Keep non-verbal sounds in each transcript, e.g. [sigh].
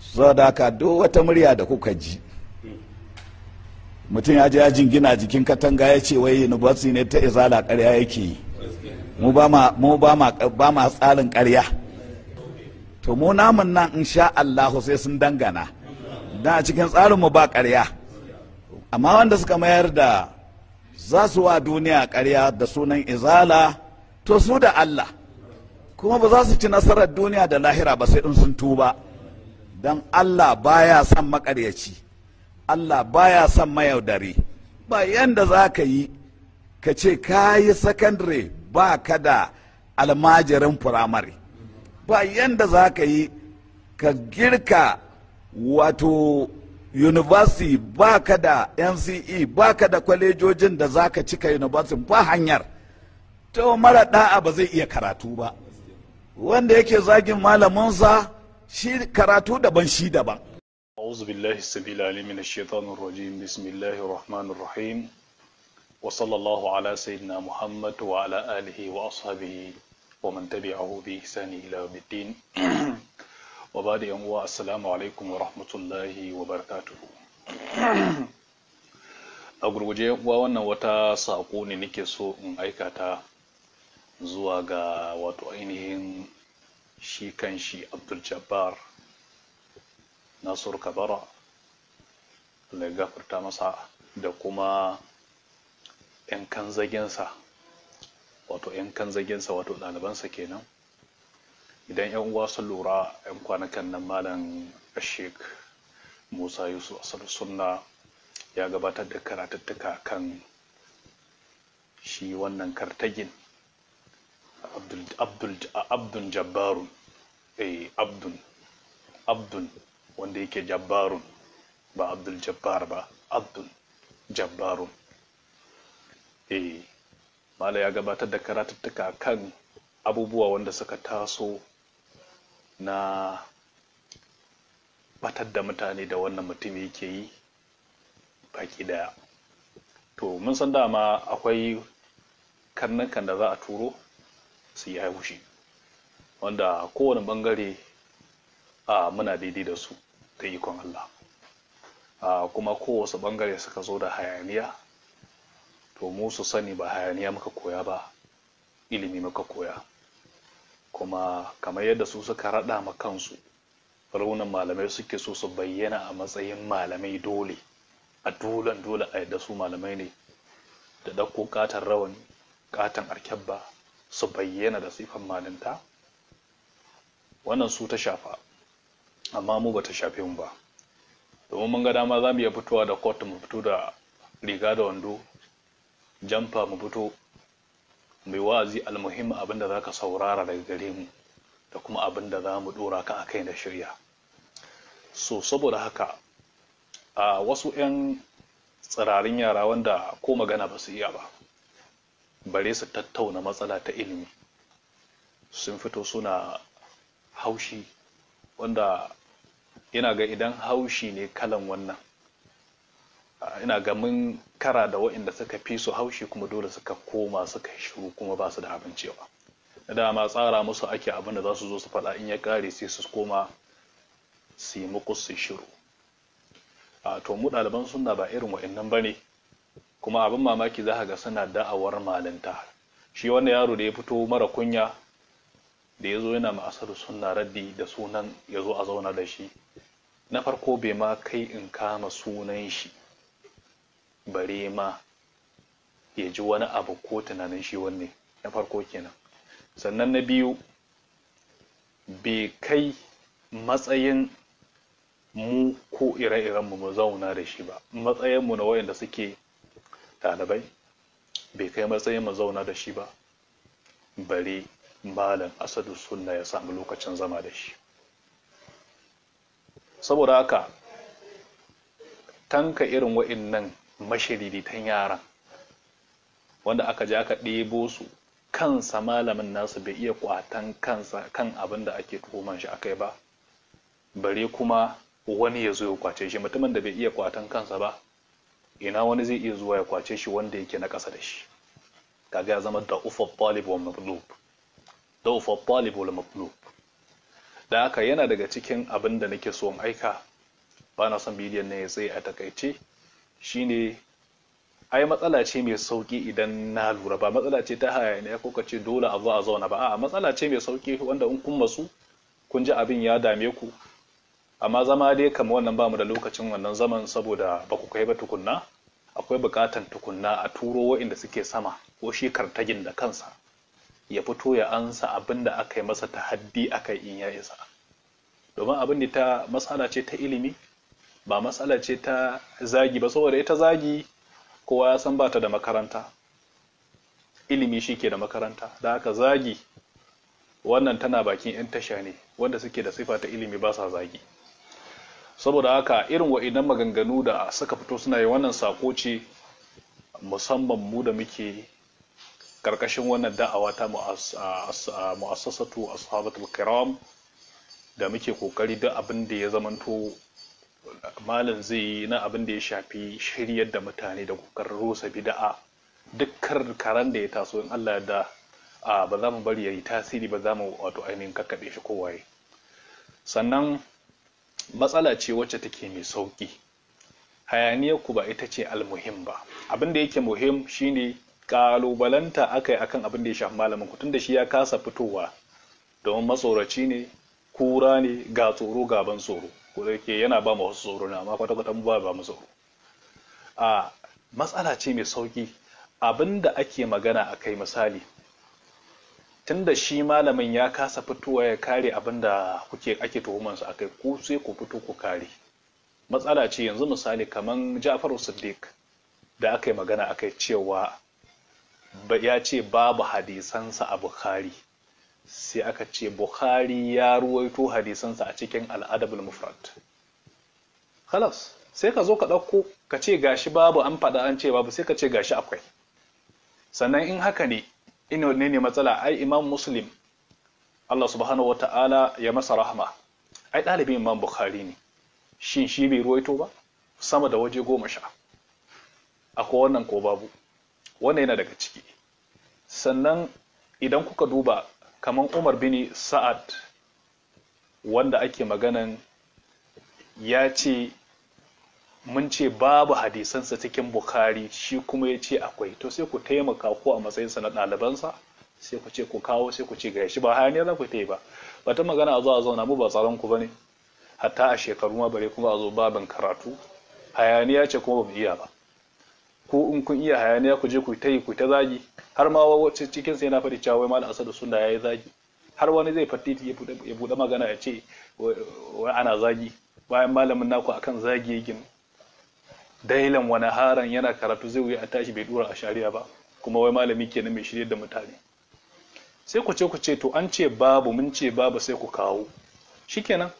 sadaka haka duk wata murya da kuka ji mutum ya je ya jingina jikin katanga ya ce wai university ne ta izala karya yake yi mu ba ma tsarin karya to mu namun nan in sha Allah sai sun dangana dan a cikin tsarinmu ba karya amma wanda suka mayar da za su wa duniya karya da sunan izala to su da Allah kuma ba za su ci nasarar duniya da lahira ba sai in sun tuba don Allah baya son makaryaci Allah baya son mayaudari ba yanda za ka yi ka ce ka yi sakandare ba ka da almajirin firamare ba yanda za ka yi ka girka wato university ba ka da nce ba ka da kwalejojin da za ka cika university ba hanyar to mara da'a ba zai iya karatu ba wanda yake zagin malamunsa. shi karatu daban shi daban أعوذ بالله السميع العليم من الشيطان الرجيم بسم الله الرحمن الرحيم وصلى الله على سيدنا محمد وعلى آله وأصحابه ومن تبعه بإحسان إلى يوم الدين وبعد يوم السلام عليكم ورحمة الله وبركاته a gurguje wa wannan wata saƙo ne nake so in aikata zuwa ga wato ainihin shi kan shi abdul jabbar nasur kabara gafarta masa da kuma 'yan kan zagensa wato 'yan kan zagensa wato ɗalibansa kenan idan 'yan uwa sun lura 'yan kwanakan nan malam ashek musa yusuf asar sunna ya gabatar da karatattuka kan shi wannan kartagin abdun abdul jabbarun eh abdul abdul wanda yake jabbarun ba abdul jabbar ba abdul jabbarun eh mala ya gabatar da karatuttuka kan abubuwa wanda suka taso na batar da mutane da wannan mutum yake yi baki daya to mun san dama akwai karnukan da za a turo su yi haihushi wanda kowane bangare a muna daidai da su ta ikon Allah a kuma kowace bangare suka zo da hayaniya to mu su sani ba hayaniya muka koya ba ilimi muka koya kuma kamar yadda su suka raɗa ma kansu raunin malamai suke so su bayyana a matsayin malamai dole a dolan dole a yadda su malamai ne da ɗauko katon rawani katon arkebba su bayyana da sifan malinta wannan su ta shafa amma mu ba ta shafe mu ba domin mun ga dama za mu iya fitowa da kot mu fito da riga da wando jamfa mu fito mai wa'azi almuhimmi abinda za ka saurara daga gare mu da kuma abinda za mu dora ka a kai da shirya so saboda haka a wasu 'yan tsirarin yara wanda ko magana ba su iya ba bare su tattauna matsala ta ilimi sun fito suna haushi wanda ina ga idan haushi ne kalan wannan ina ga mun kara da waɗanda suka fi su haushi kuma dole suka koma suka shiru kuma ba su da abin cewa dama tsara musu ake abin da za su zo su faɗa in ya ƙare sai su koma su yi muku su shiru a to mu ɗaliban suna ba irin waɗannan ba ne kuma abin mamaki za ga suna da'awar malinta shi wanda yaro da ya fito mara kunya da ya zo yana ma'asar suna raddi da sunan ya zo a zauna da shi na farko bai ma kai in kama sunan shi bare ma ya ji wani abu ko tunanin shi wanne na farko kenan sannan na biyu bai kai matsayin mu ko ire-irenmu mu zauna da shi ba matsayinmu na wayanda suke ɗalibai bai kai matsayin mu zauna da shi ba bare malam asadu sunna ya samu lokacin zama da shi saboda haka tanka irin wa'innan tan yaran wanda aka je aka ɗebo su kansa malamin nasu bai iya kwatan kansa kan abin da ake tuhuman shi kai ba bare kuma wani ya zo ya kwace shi mutumin da bai iya kwatan kansa ba ina wani zai iya zuwa ya kwace shi wanda yake na ƙasa da shi kaga ya zama da da'ufar talib wal Da da'ufar talib wa matlub da haka yana daga cikin abin da nake so aika ba na son bidiyon ne ya tsaye a takaice shine ai matsala ce mai sauki idan na lura ba matsala ce ta haya ne, ko ka ce dole a zo a zauna ba a'a matsala ce mai sauki wanda in kun masu kun ji abin ya dame ku amma zama dai kamar wannan bamu da lokacin wannan zaman saboda ba ku kai ba tukunna akwai bukatan tukunna a turo inda suke sama ko shi kartagin da kansa ya fito ya ansa abin da aka yi masa ta tahaddi aka in ya isa domin abin da ta matsala ce ta ilimi ba matsala ce ta zagi ba saboda ita zagi kowa ya san bata da makaranta ilimi shi ke da makaranta da haka zagi wannan tana bakin 'yan tasha ne wanda suke da sifa ta ilimi ba sa zagi saboda haka irin wa'idan maganganu da suka fito suna yi wannan sako ce musamman mu da muke karkashin wannan da'awa ta mu'assasatu ashabatul kiram da muke kokari duk abin da ya zamanto malam zai yi na abin da ya shafi shiryar da mutane da kokarin rusa bida'a dukkan karan da ya taso in Allah da ba za mu bari ya yi tasiri ba za mu wato ainihin kakkaɓe shi kowaye sannan matsala ce wacce take mai sauƙi hayaniyarku ba ita ce almuhim ba abin da yake muhim shine kalubalanta yi akan abin da ya shafi malamin ku da shi ya kasa fitowa domin matsoraci ne kura ne ga tsoro gaban tsoro ko da yake yana ba mu wasu tsoro na amma kwata kwata mu ba ba mu tsoro a matsala ce mai sauƙi. abin da ake magana a kai, misali Tun da shi malamin ya kasa fitowa ya kare abin da kuke ake tuhuman a kai ko sai ku fito ku kare matsala ce yanzu misali kaman jafaru siddiq da aka yi magana aka yi cewa ya ce babu hadisansa a bukhari sai aka ce bukhari ya ruwaito hadisansa a cikin al'adabul mufrad khalas sai ka zo ka ɗauko ka ce gashi babu an faɗa an ce babu sai ka ce gashi akwai sannan in haka ne ina wanne ne matsala ai imam muslim Allah subhanahu wa ta'ala ya masa rahma ai ɗalibin imam bukhari ne shin shi bai ruwaito ba sama da waje goma sha akwai wannan ko babu wannan yana daga ciki sannan idan kuka duba kamar umar bin sa'ad wanda ake maganan ya ce mun ce babu hadisansa cikin bukhari shi kuma ya ce akwai to sai ku taimaka ko a matsayinsa na ɗalibansa sai ku ce ku kawo sai ku ce ga shi ba hayaniya za ku ta yi ba ba ta magana a zo a zauna mu ba tsaron ku bane hatta a shekaru ma bare kuma a zo babin karatu hayaniya ce kuma ba iya ba ko in kun iya hayaniya ku je ku ta yi ku ta zagi har ma wacce cikin sai na faɗi cewa wai al'asar da sunna yayi zagi har wani zai fatti ya buɗe magana ya ce ana zagi bayan malamin naku akan zagi ya gina dailan wani haran yana karatu zai wuya a tashi bai dura a shari'a ba kuma wai malami kenan mai shirye da mutane sai ku ce ku ce to an ce babu mun ce babu sai ku kawo shikenan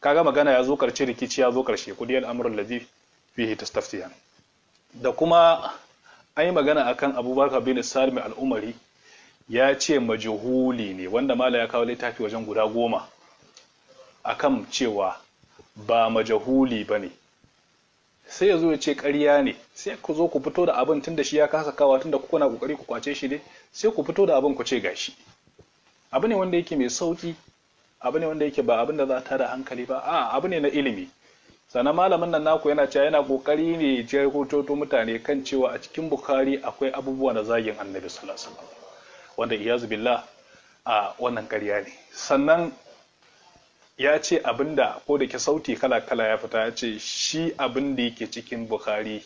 kaga magana ya zo karshe rikici ya zo karshe kudi al'amuran ladhi fihi tastaftiyan da kuma an yi magana akan abubakar bin salmi al'umari ya ce majuhuli ne wanda mala ya kawo littafi wajen guda goma akan cewa ba majahuli ba ne sai ya zo ya ce ƙarya ne sai ku zo ku fito da abin tun da shi ya kasa kawa tun da ku kuna ƙoƙari ku kwace shi ne sai ku fito da abin ku ce gashi abu ne wanda yake mai sauki abu ne wanda yake ba abin da za ta da hankali ba a abu ne na ilimi sannan malamin nan naku yana cewa yana ƙoƙari ne ya jagoto mutane kan cewa a cikin bukari akwai abubuwa na zagin annabi sallallahu alaihi wasallam wanda iyazu billah a wannan ƙarya ne sannan ya ce abinda ko da ke sauti kala-kala ya fita ya ce shi abin da yake cikin bukhari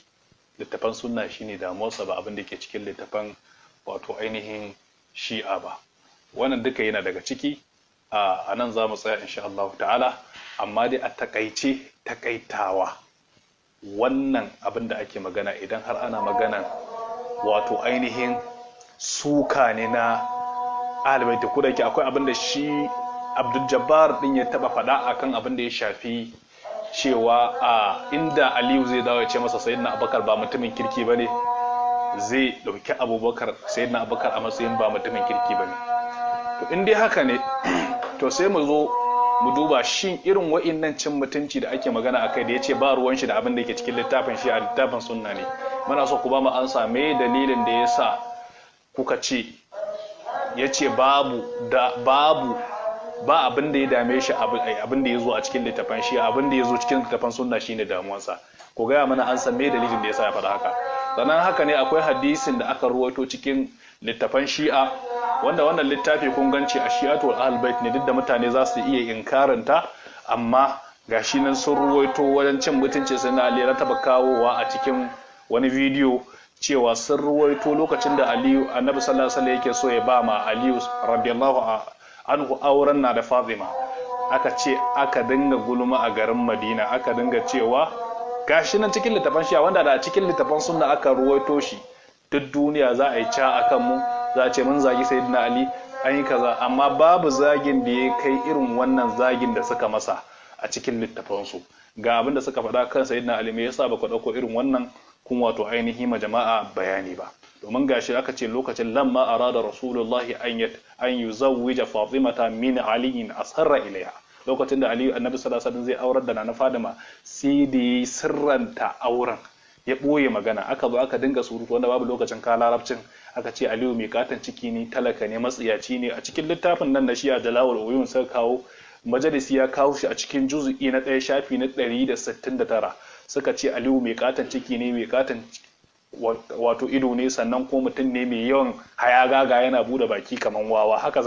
littafan sunna shine damuwarsa ba abin da ke cikin littafan wato ainihin shi'a ba wannan duka yana daga ciki a nan za mu tsaya insha Allah ta'ala amma dai a takaice takaitawa wannan abin da ake magana idan har ana magana wato ainihin suka ne na alibaita ko akwai abin da shi abdul jabbar din ya taba faɗa akan abin da ya shafi cewa a inda aliyu zai dawo ya ce masa sayyidina abubakar ba mutumin kirki ba ne zai ɗauki abubakar sayyidina abubakar a matsayin ba mutumin kirki ba ne to in dai haka ne [clears throat] to sai mu zo mu duba shin irin wa'innan cin mutunci da ake magana akai da ya ce ba ruwan shi da abin da ke cikin littafin shi a littafin sunna ne muna so ku ba mu ansa me dalilin da ya sa kuka ce ya ce babu da babu ba abin da ya dame shi abin eh, da ya zo a cikin littafan shi abin da ya zo cikin littafan sunna shine damuwarsa ko gaya mana an san me dalilin da ya sa ya faɗa haka sannan haka ne akwai hadisin da aka ruwaito cikin littafan shi'a wanda wannan littafi kun ganci a shi'atu wal ahlul ne duk da mutane za su iya inkaranta amma gashi nan sun ruwaito wajen cin mutunci sai na Ali taba kawowa a cikin wani bidiyo cewa sun ruwaito lokacin da Aliyu Annabi sallallahu alaihi wasallam yake so ya ba ma Aliyu radiyallahu anhu auren na da fazima aka ce aka dinga gulma a garin madina aka dinga cewa gashi nan cikin littafan shi wanda da cikin littafan sunna aka ruwaito shi duk duniya za a yi ca a kanmu za a ce mun zagi sayyidina ali an yi kaza amma babu zagin da ya kai irin wannan zagin da suka masa a cikin su ga abin da suka faɗa kan sayyidina ali me yasa ba ku ɗauko irin wannan kun wato ainihi ma jama'a bayani ba domin gashi aka ce lokacin lamma arada rasulullahi an an yi yuzawwija fatimata min aliyin asarra ilaiha lokacin da aliyu annabi sallallahu alaihi zai aurar da nana fadima sai da yi sirranta auren ya ɓoye magana aka zo aka dinga surutu wanda babu lokacin ka larabcin aka ce aliyu mai katon ciki ne talaka ne matsiyaci ne a cikin littafin nan na shi a jalawar oyun sai kawo majalisi ya kawo shi a cikin juzu'i na ɗaya shafi na ɗari da sittin da tara suka ce aliyu mai katon ciki ne mai katon wato ido ne sannan ko mutum ne mai yawan hayagaga yana bude baki kaman wawa haka